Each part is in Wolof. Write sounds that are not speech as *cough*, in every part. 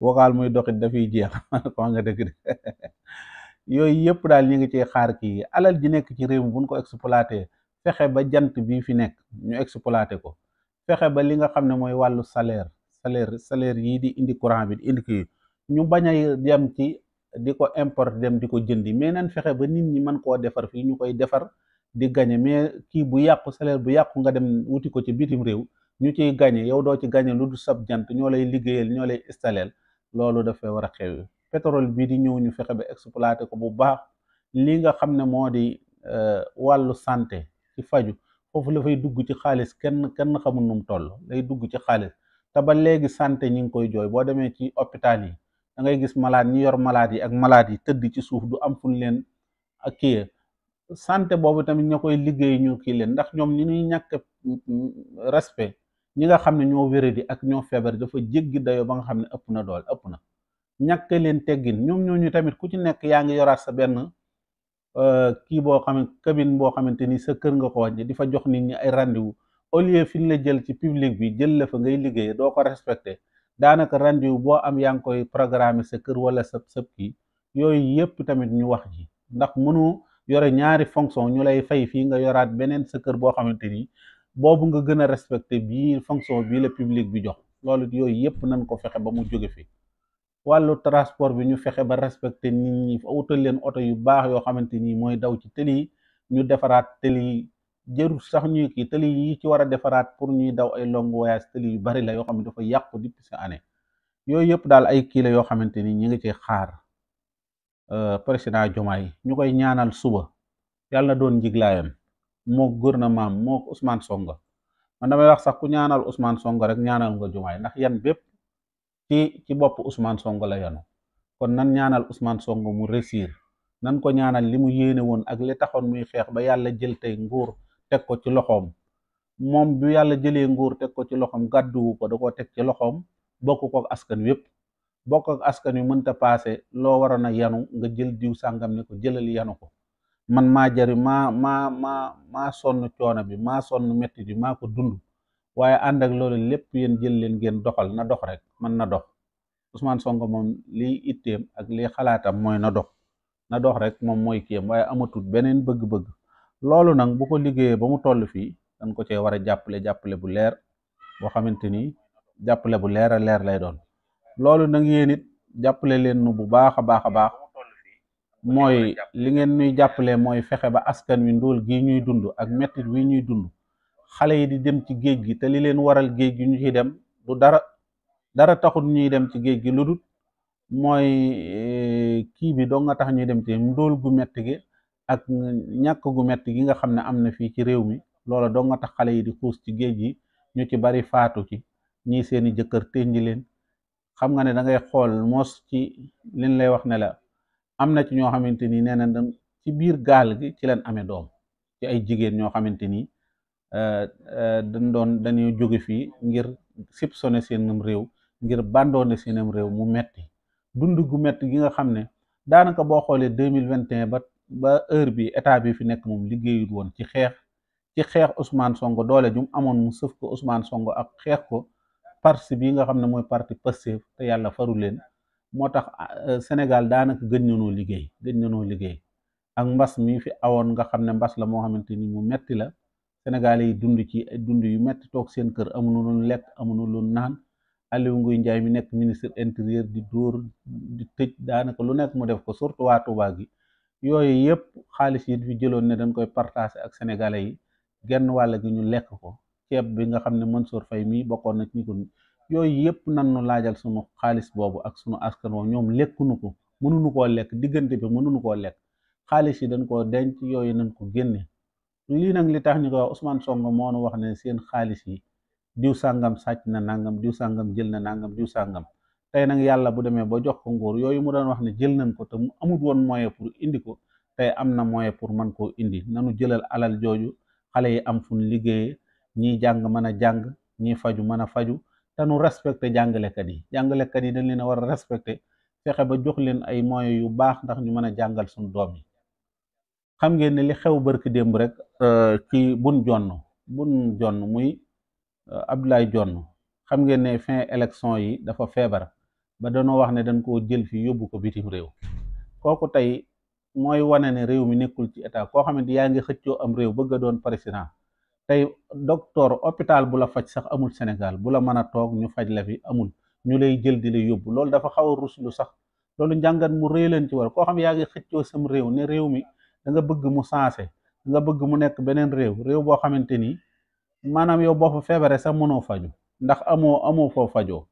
vocal muy doxit dafay jeex ko *laughs* nga dëgg de *laughs* yooyu yëpp daal ñu ngi ci xaar kii alal ji nekk ci réew mi buñ ko exploité fexe ba jant bii fi nekk ñu exploité ko fexe ba li nga xam ne mooy wàllu salaire salaire salaire yii di indi courant bi di ñu bañ a dem ci di ko import dem di ko jëndi mais nan fexe ba nit ñi mën koo defar fii ñu koy defar di gañe mais kii bu yàqu salaire bu yàqu nga dem wuti ko ci bitim réew ñu ciy gañe yow doo ci gañe lu du sab jant ñoo lay liggéeyal ñoo lay installeel loolu dafa war a xew pétrole bii di ñëw ñu fexe ba exploité ko bu baax li nga xam ne moo di euh, wàllu sante ci faju foofu la dugg ci xaalis kenn kenn xamul nu mu toll lay dugg ci xaalis te ba léegi sante ñi ngi koy jooy boo demee ci hôpital yi da ngay gis malade ñi yor malade yi ak malade yi tëdd ci suuf du am fuñ leen ak kii sante boobu tamit ña koy liggéey ñu kii leen ndax ñoom ñi ñuy ñàkk mm, mm, respect ñi nga xam ne ñoo wéradi ak ñoo feebar dafa jéggi dayoo ba nga xam ne ëpp na dool ëpp na ñàkk leen teggin ñoom ñooñu tamit ku ci nekk yaa ngi yoraat sa benn euh, kii boo xam ne cabine boo xamante ni sa kër nga ko wàññi di fa jox nit ñi ay rendez-vous au lieu fi ñu la jël ci public bi jël la fa ngay liggéey doo ko respecté daanaka rendez boo am yaa ngi koy programme sa kër wala sa sëb kii yooyu yépp tamit ñu wax ji ndax mënu yore ñaari fonction ñu lay fay fii nga yoraat beneen sa kër boo xamante ni boobu nga gën a respecté bii fonction bii la public bi jox loolu yooyu yëpp nañ ko fexe ba mu jóge fi wàllu transport bi ñu fexe ba respecté nit ñi wutal leen oto yu baax yoo xamante nii mooy daw ci tëli ñu defaraat tëli yi jërul sax ñuy kii tëli yi ci war a defaraat pour ñuy daw ay long voyage tëli yu bari la yoo xam ne dafa yàqu depuis sa année yooyu yëpp daal ay kii la yoo xamante ni ñi ngi ci xaar euh, président Diomaye ñu koy ñaanal suba yàlla doon njiglaayam moo gouvernement moo Ousmane Sonko man damay wax sax ku ñaanal Ousmane Sonko rek ñaanal nga jumaay ndax yan bépp ci ci bopp Ousmane Sonko la yanu kon nan ñaanal Ousmane Sonko mu réussir nan ko ñaanal li mu yéene woon ak li taxoon muy xeex ba yàlla jël tey nguur teg ko ci loxoom moom bu yàlla jëlee nguur teg ko ci loxoom gàdduwu ko da ko teg ci loxoom bokk ko askan wépp bokk askan wi mënta paase loo waroon a yanu nga jël diw sàngam ne ko jëlal yanu ko man maa jari maa ma maa maa sonn coono bi maa sonn métti bi maa ko dund waaye ànd ak loolu lépp yéen jël leen ngeen doxal na dox rek man na dox Ousmane Sonko moom liy itteem ak liy xalaatam mooy na dox na dox rek moom mooy kiyam waaye amatul beneen bëgg-bëgg loolu nag bu ko liggéeyee ba mu toll fii dañ ko cee war a jàppale jàppale bu leer boo xamante ni jàppale bu leer a leer lay doon loolu nag yéen it jàppale leen nu bu baax a baax a baax mooy li ngeen ñuy jàppale mooy fexe ba askan wi ndóol gi ñuy dund ak mettit wi ñuy dund xale yi di dem ci géej gi te li leen waral géej gi ñu ciy dem du dara dara taxul ñuy dem ci géej gi lu dul mooy eh, kii bi doo nga tax ñuy dem ci ndóol gu metti gi ak ñàkk gu metti gi nga xam ne am na fii ci réew mi loola doo nga tax xale yi di xuus ci géej gi ñu ci bari faatu ci ñi seeni jëkkër ténji leen xam nga ne da xool moos ci liñ lay wax nela am na ci ñoo xamante ni nee nañ ci biir gaal gi ci leen amee doom ci ay jigéen ñoo xamante ni euh, euh, dañ doon dañuy jóge fii ngir sip sone seenam réew ngir bandoone seenam réew mu metti dund gu metti gi nga xam ne daanaka boo xoolee deux mille vingt et ba ba heure bi état bi fi nekk moom liggéeyul woon ci xeex ci xeex Ousmane Sonko doole jum amoon mu sëf ko Ousmane songo ak xeex ko parti bi nga xam ne mooy parti Pastef te yàlla faru leen moo tax ah, euh, Sénégal daanaka gëj nanoo liggéey gëj nanoo liggéey ak mbas mi fi awoon nga xam ne mbas la moo xamante ni mu metti la Sénégal yi dund ci dund yu metti toog seen kër amuñu lu lekk amuñu lu naan Aliou Nguy Ndiaye mi nekk ministre intérieur di dóor di tëj daanaka lu nekk mu def ko surtout waa Touba gi yooyu yëpp xaalis yi fi jëloon ne dañ koy partager ak sénégalais yi genn wàll gi ñu lekk ko ceeb bi nga xam ne mën Mansour Faye mii bokkoon na ci ñu yooyu yëpp nan nu laajal sunu xaalis boobu ak sunu askan woo ñoom lekkunu ko mënuñu koo lekk diggante bi mënuñu koo lekk xaalis yi dañ ko denc yooyu nañ ko génne lii nag li tax ñu ko wax Ousmane Sonko moo nu wax ne seen xaalis yi diw sàngam sàcc na nangam diw sàngam jël na nangam diw sàngam tey nag yàlla bu demee ba jox ko nguur yooyu mu doon wax ne jël nañ ko te mu amut woon moyen pour indi ko tey am na moyen pour man koo indi nanu jëlal alal jooju xale yi am fu ñu liggéeyee ñii jàng mën a jàng ñiy faju mën a faju tanu nu respecté jàngalekat yi jàngalekat yi dañ leen a war a respecté fexe ba jox leen ay moyens yu baax ndax ñu mën a jàngal suñu doom yi xam ngeen ne li xew barki démb rek euh, ci bun jonn bun jonn muy euh, Abdoulaye jonn xam ngeen ne fin élection yi dafa feebar ba danoo wax ne dañ koo jël fi yóbbu ko bitim réew kooku tey mooy wane ne réew mi nekkul ci état koo xamante yaa ngi xëccoo am réew bëgg doon président tey doctor hôpital bu la faj sax amul Sénégal bu la mën a toog ñu faj la fi amul ñu lay jël di la yóbbu loolu dafa xaw a ruslu sax loolu njàngat mu rëy leen ci war koo xam yaa ngi xëccoo sam réew ne réew mi da nga bëgg mu sensé nga bëgg mu nekk beneen réew réew boo xamante ni maanaam yow boo fa feebaree sax mënoo faju ndax amoo amoo foo fajoo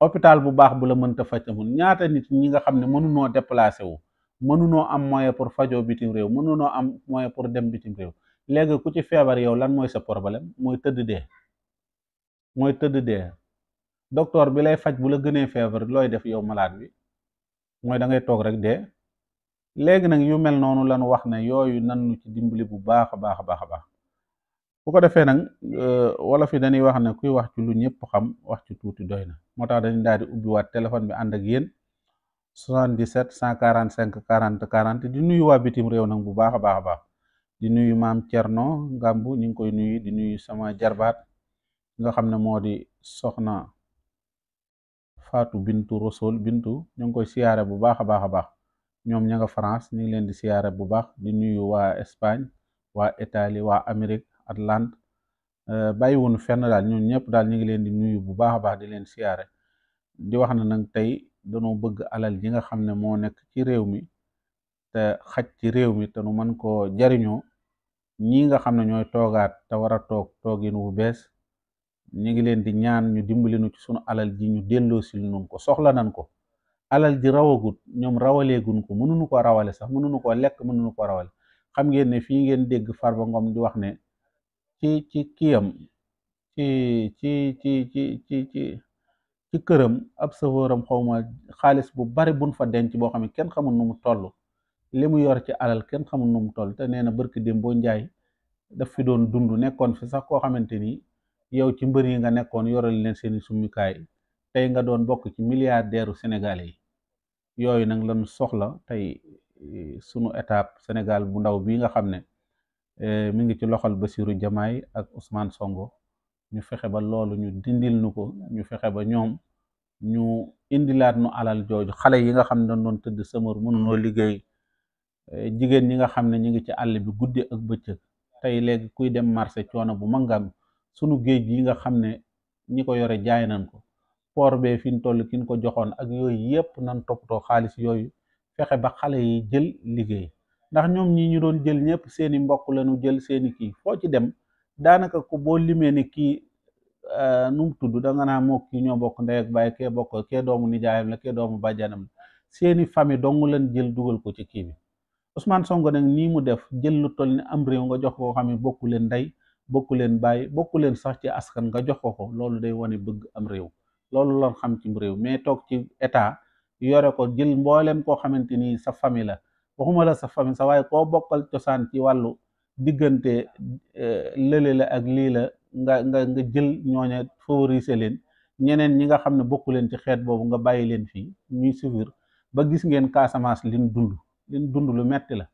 hôpital bu baax bu la mënta faj mun ñaata nit ñi nga xam ne mënunoo déplacé wu mënunoo am moyen pour fajoo bitim réew mënunoo am moyen pour dem bitim réew léegi ku ci feebar yow lan mooy sa problème mooy tëdd dee mooy tëdd dee docteur bi lay faj bu la gënee feebar looy def yow malaat bi mooy da ngay toog rek dee léegi nag yu mel noonu lanu wax na yooyu nan ci dimbali bu baax a baax a baax a baax bu ko defee nag euh, wala fi dañuy wax ne kuy wax ci lu ñëpp xam wax ci tuuti doy na moo tax dañuy daal di ubbiwaat téléphone bi ànd ak yéen 77 145 40 40 di nuyu waa bitim réew nag bu baax a baax a baax. di nuyu maam Thierno Gambu ñu ngi koy nuyu di nuyu sama jarbaat nga xam ne moo di soxna Fatou Bintu Rosol Bintu ñu ngi koy siyaare bu baax a baax a baax ñoom ña nga France ñu ngi leen di siyaare bu baax di nuyu waa Espagne waa Italie waa Amérique Atlante euh, bàyyi wunu fenn daal ñun ñëpp daal ñu ngi leen di nuyu bu baax a baax di leen siyaare di wax ne nag tey dañoo bëgg alal ji nga xam ne moo nekk ci réew mi te xaj ci réew mi te nu mën koo jariñoo ñii nga xam ne ñooy toogaat te war a toog toogin wu bees ñu ngi leen di ñaan ñu dimbali ci sunu alal ji ñu delloo si nun ko soxla nan ko alal ji rawagut ñoom rawaleegun ko mënuñu ko rawale sax mënuñu ko lekk mënuñu ko rawale xam ngeen ne fii ngeen dégg Farba Ngom di wax ne ci ci kiyam ci ci ci ci ci ci ci këram ab savooram xawma xaalis bu bari bun fa denc boo xam ne kenn xamul nu mu toll li mu yor ci alal kenn xamul nu mu toll te nee na barki démb boo njaay daf fi doon dund nekkoon fi sax koo xamante ni yow ci mbër yi nga nekkoon yoral leen seeni i summikaay tey nga doon bokk ci milliardaire sénégalais yi yooyu nag lan soxla tey eh, sunu étape Sénégal bu ndaw bi nga xam ne eh, mu ngi ci loxol Bassirou Diomaye ak Ousmane songo ñu fexe ba loolu ñu dindil nu ko ñu fexe ba ñoom ñu indilaat nu alal jooju xale yi nga xam ne doon tëdd sëmër mënunoo liggéey jigéen ñi nga xam ne ñu ngi ci àll bi guddee ak bëccëg tey léegi kuy dem marché coono bu mangam sunu géej yi nga xam ne ñi ko yore jaay nañ ko port bee fi ñu toll kin ko joxoon ak yooyu yépp nan toppatoo xaalis yooyu fexe ba xale yi jël liggéey ndax ñoom ñi ñu doon jël ñëpp seeni mbokk lañu jël seeni kii foo ci dem daanaka ko boo limee ni kii euh, nu mu tudd da naa moo ki ñoo bokk ndey ak baay kee bokk kee doomu nijaayam la kee doomu bajjanam la seeni famille dong lañ jël dugal ko ci kii bi Ousmane Sonko nag nii mu def jël lu toll ni am réew nga jox ko xam ne bokku leen day bokku leen bàyyi bokku leen sax ci askan nga jox ko ko loolu day wane bëgg am réew loolu loon xam ci réew mais toog ci état yore ko jël mbooleen koo xamante ni sa famille la waxuma la sa famille sa waaye koo bokkal cosaan ci wàllu diggante eh, lële la ak lii la nga nga nga jël ñooña favoriser leen ñeneen ñi nga xam ne bokku leen ci xeet boobu nga bàyyi leen fii ñuy suivre ba gis ngeen Casamance lim dund dund lu metti la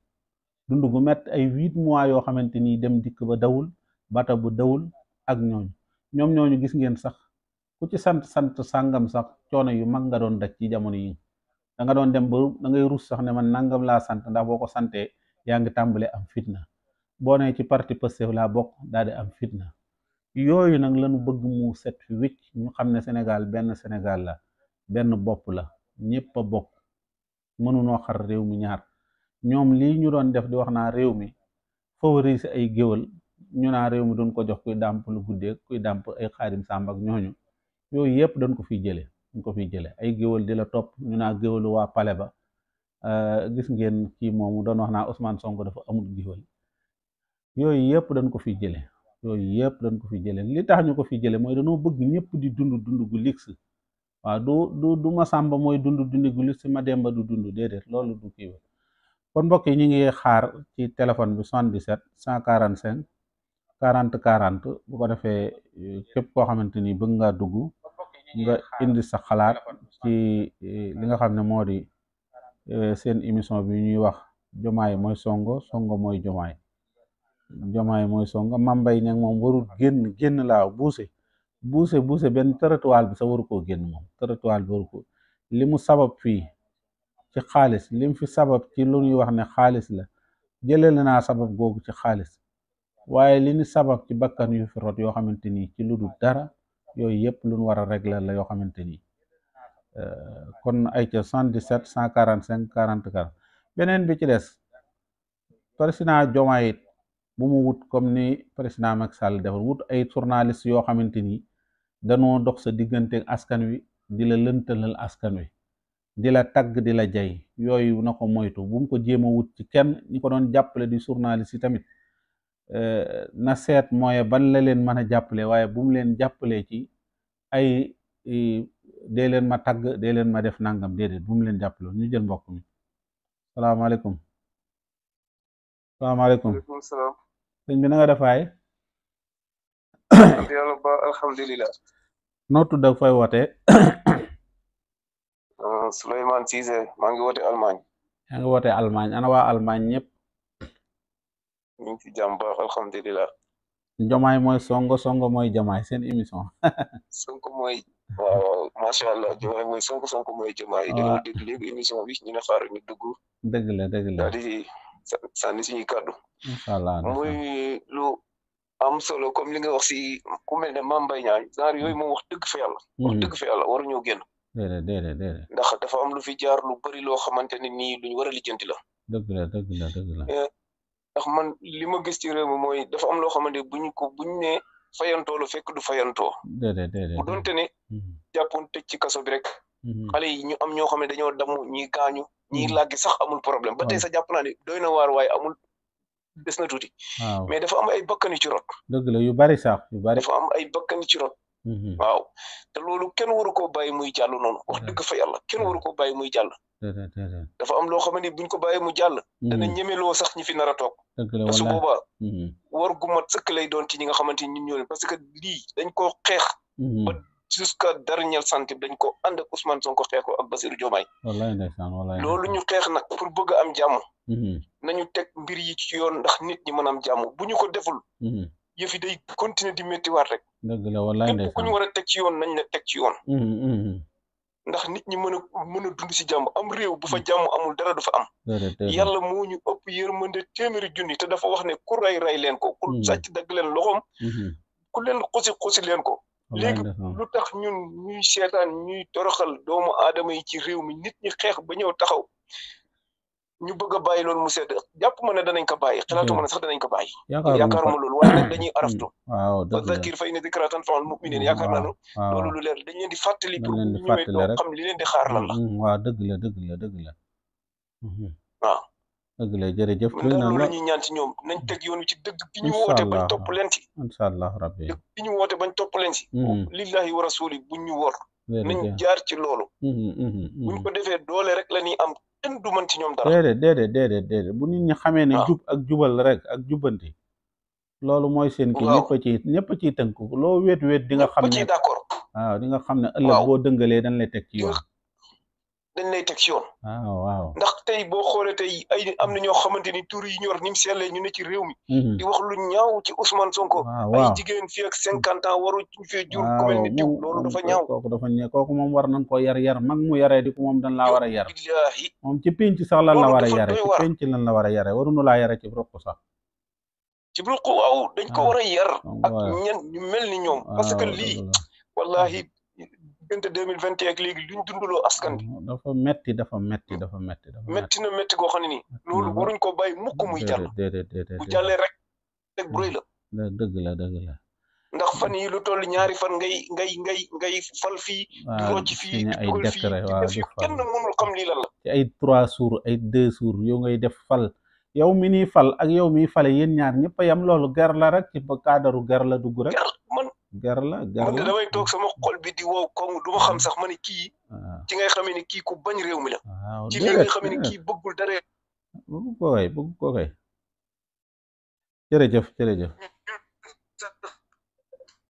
dund gu mett ay huit mois yoo xamante ni dem dikk ba dawul bata bu dawul ak ñooñu ñoom ñooñu gis ngeen sax ku ci sant sant sàngam sax coono yu mag nga doon daj ci jamono yi da nga doon dem ba da ngay rus sax ne man nangam laa sant ndax boo ko santee yaa ngi tàmbalee am fitna boo nee ci parti Pastef laa bokk daal di am fitna yooyu nag lanu bëgg mu set fi wécc ñu xam ne Sénégal benn senegal la benn bopp la ñëpp a bokk. mënunoo xar réew mi ñaar ñoom li ñu doon def di wax naa réew mi favoriser ay géwal ñu naa réew mi doon ko jox kuy dàmp lu guddee kuy dàmp ay xaadim sàmbak ñooñu yooyu yëpp dañ ko fi jële dañ ko fiy jële ay géwal di la topp ñu naa waa pale ba euh, gis ngeen kii moomu doon wax naa Ousmane Sonko dafa amul yooyu yëpp dañ ko fiy jële yooyu yëpp dañ ko fiy jële li tax ñu ko fiy jële mooy dañoo bëgg ñëpp di dund dund gu ligsi waaw du du du ma sàmba mooy dund dundi gulu si du dund déedéet loolu du kii kon mbokk yi ñu ngi xaar ci téléphone bi 77 145 40 40 bu ko defee euh, képp koo xamante ni bëgg ngaa dugg nga indi sax xalaat ci euh, li nga xam ne moo di euh, seen émission bi ñuy wax jomaay mooy songo songo mooy jomaay jomaay mooy songo mambay nag moom warul génn génn laaw buuse buuse buuse benn territoire bi sa waru koo génn moom territoire bi waru ko li mu sabab fii ci xaalis li mu fi sabab ci lu ñuy wax ne xaalis la jëlale naa sabab googu ci xaalis waaye li ñu sabab ci bakkan yu fi rot yoo xamante ni ci lu dul dara yooyu yëpp lu ñu war la yoo xamante ni euh, kon ay ca 77 145 44 beneen bi ci des président Diomaye it bu mu wut comme ni président Macky Sall defar wut ay journaliste yoo xamante nii danoo dox sa diggante askan wi di la lëntalal askan wi di la tagg di la jay yooyu na ko moytu bum ko jéem a wut ci kenn ñi ko doon jàppale di journaliste yi tamit euh, na seet mooye ban la leen mën a jàppale waaye bum leen jàppale ci ay dee leen ma tagg dee leen ma def nangam déedéet bu mu leen jàppale ñu jël mbokk mi salaamaaleykum salaamaaleykum sëñ bi na defaay sant yàlla ba alhamdulilah. noo tudd ak fay wootee. Uh, Souleymane Cissé maa ngi woote Allemagne. yaa ngi woote ana waa Allemagne ñëpp. ñu ngi ci jàmm baax alhamdulilah. Jomaay mooy Sonko Sonko mooy Jomaay seen émission. *laughs* Sonko mooy waaw macha allah Jomaay mooy Sonko Sonko mooy Jomaay. waaw dañoo dégg léegi émission bi ñu ne xaar ñu dugg. la dëgg la allah muy lu. am solo comme li nga wax si ku mel ne Mame Mbaye Niang genre yooyu moom wax dëgg fa yàlla. wax mhm. dëgg fa yàlla waruñoo génn. ndax dafa am lu fi jaar lu bari loo xamante ne nii luñ war a lijjanti la. dëgg la eh, ndax man li ma gis ci réew mi mooy dafa am loo xamante ne buñ ko buñ nee fayantoo lu du fayantoo. déedéet déedéet bu doonte ne. Mhm. jàppoon tëj ci kaso bi rek. Mhm. xale yi ñu am ñoo xam ne dañoo damm ñii gaañu ñii làggi sax amul problème ba tey sa jàpp naa ne doy na waar waaye amul. des na tuuti. waaw mais dafa am ay bakkan yu ci yu bari sax yu bari. dafa am ay bakkan yu ci mhm. waaw te loolu kenn waru koo bàyyi muy jàll noonu wax dëgg fa yàlla kenn waru koo bàyyi muy jàll. dafa am loo xam ne buñ ko bay mu jàll. Mhm. dana ñemeloo sax ñi fi nar a toog. parce que boobaa mhm. mat sëkk lay doon ci ñi nga xamante ni ñun ñoo parce que lii dañ koo xeex. ba jusqu'à dernier centime dañ ko ànd ak Ousmane Sonko xeex ko ak Bassirou Diomaye. loolu ñu xeex nag pour bëgg am jàmm. nañu teg mbir yi ci yoon ndax nit ñi mën am jàmm bu ñu ko deful. Hmm. yëf yi day continuer di méttiwaat rek. dëgg la wallaay ku ñu war a teg ci yoon nañ la teg ci yoon. Hmm, hmm, ndax nit ñi mën a mën a dund si jàmm am réew bu fa jàmm amul dara du fa am. yàlla moo ñu ëpp yërmande téeméeri junni te dafa wax ne ku ray ray leen ko. ku sàcc dagg leen loxoom. ku leen xusi xusi leen ko. léegi lu tax ñun ñuy seetaan ñuy toroxal doomu aadama yi ci réew mi nit ñi xeex ba ñëw taxaw. ñu bëgg a bàyyi loolu mu sedd jàpp ma ne danañ ko bàyyi xalaatu ma sax danañ ko bàyyi yaakaaruma loolu waaye nag dañuy hmm. araftu wa zakir fa inna zikraa tanfa'ul mu'minin yaakaar naa ne loolu lu leer dañ leen di fàttali pour ñu ñëwee xam li leen di xaar lan la hmm, hmm. waaw dëgg la dëgg dëgg la waaw dëgg la jërëjëf ñaan ci ñoom nañ teg yoon wi ci dëgg bi topp leen ci incha allah rabbi bi ñu bañ topp leen ci lillahi wa rasuli buñ ñu wor ñu jaar ci loolu buñ ko defee doole rek la ñuy am kenn du mën ci ñoom dara déedéet déedéet déedéet bu nit ñi xamee ne ah. jub ak jubal rek ak jubbanti loolu mooy seen kii ñëpp a ci ñëpp a ciy tënk loo wéet wéet di nga xam ne d'accord waaw di nga xam ne ëllëg boo dëngalee dañ lay teg ci yoon dañ lay teg si yoon. Ah, waaw ndax tey boo xoolee tey ay am na ñoo xamante ni tur yi ñor ni mu seetlee ñu ne ci réew mi. Mhm. wax lu ñaaw ci Ousmane Sonko. Ah, ay jigéen fii ak cinquante ans waru fee jur ku mel ni loolu dafa ñaaw. kooku dafa ñaaw kooku moom war nañ koo yar yar mag mu yaree di ko moom dañ laa war a yar. moom ci penc sax lan la war a yare ci penc lan la war a yare waruñu laa yare ci ruq sax. ci ruq waaw dañ ko ah. war yar. ak ñen mel ni ñoom. parce que lii wallahi diggante deux mille vingt et un ak léegi li ñu dundaloo askan bi. dafa metti dafa metti dafa metti. metti na metti goo xam ne nii. loolu waruñ ko bàyyi mukk muy jàll. bu jàllee rek rek bruy la. dëgg la dëgg la. ndax fan yi lu toll ñaari fan ngay ngay ngay ngay fal fii. di rocc fii di dugal fii di def kenn mënul xam lii lan la. ci ay trois jours ay deux jours yow ngay def fal yow mi nii fal ak yow miy fale yéen ñaar ñëpp a yam loolu ger la rek ci ba kaadaru ger la dugg rek. ger la ger la damay toog sama xol bi di wow koŋ du ma xam sax ma ne kii. Ah. ci ngay xamee ni kii ku bañ réew mi la. Ah, ci li nga xamee ni kii bëggul dara. bëgg ko kay bëgg ko kay jërëjëf *laughs*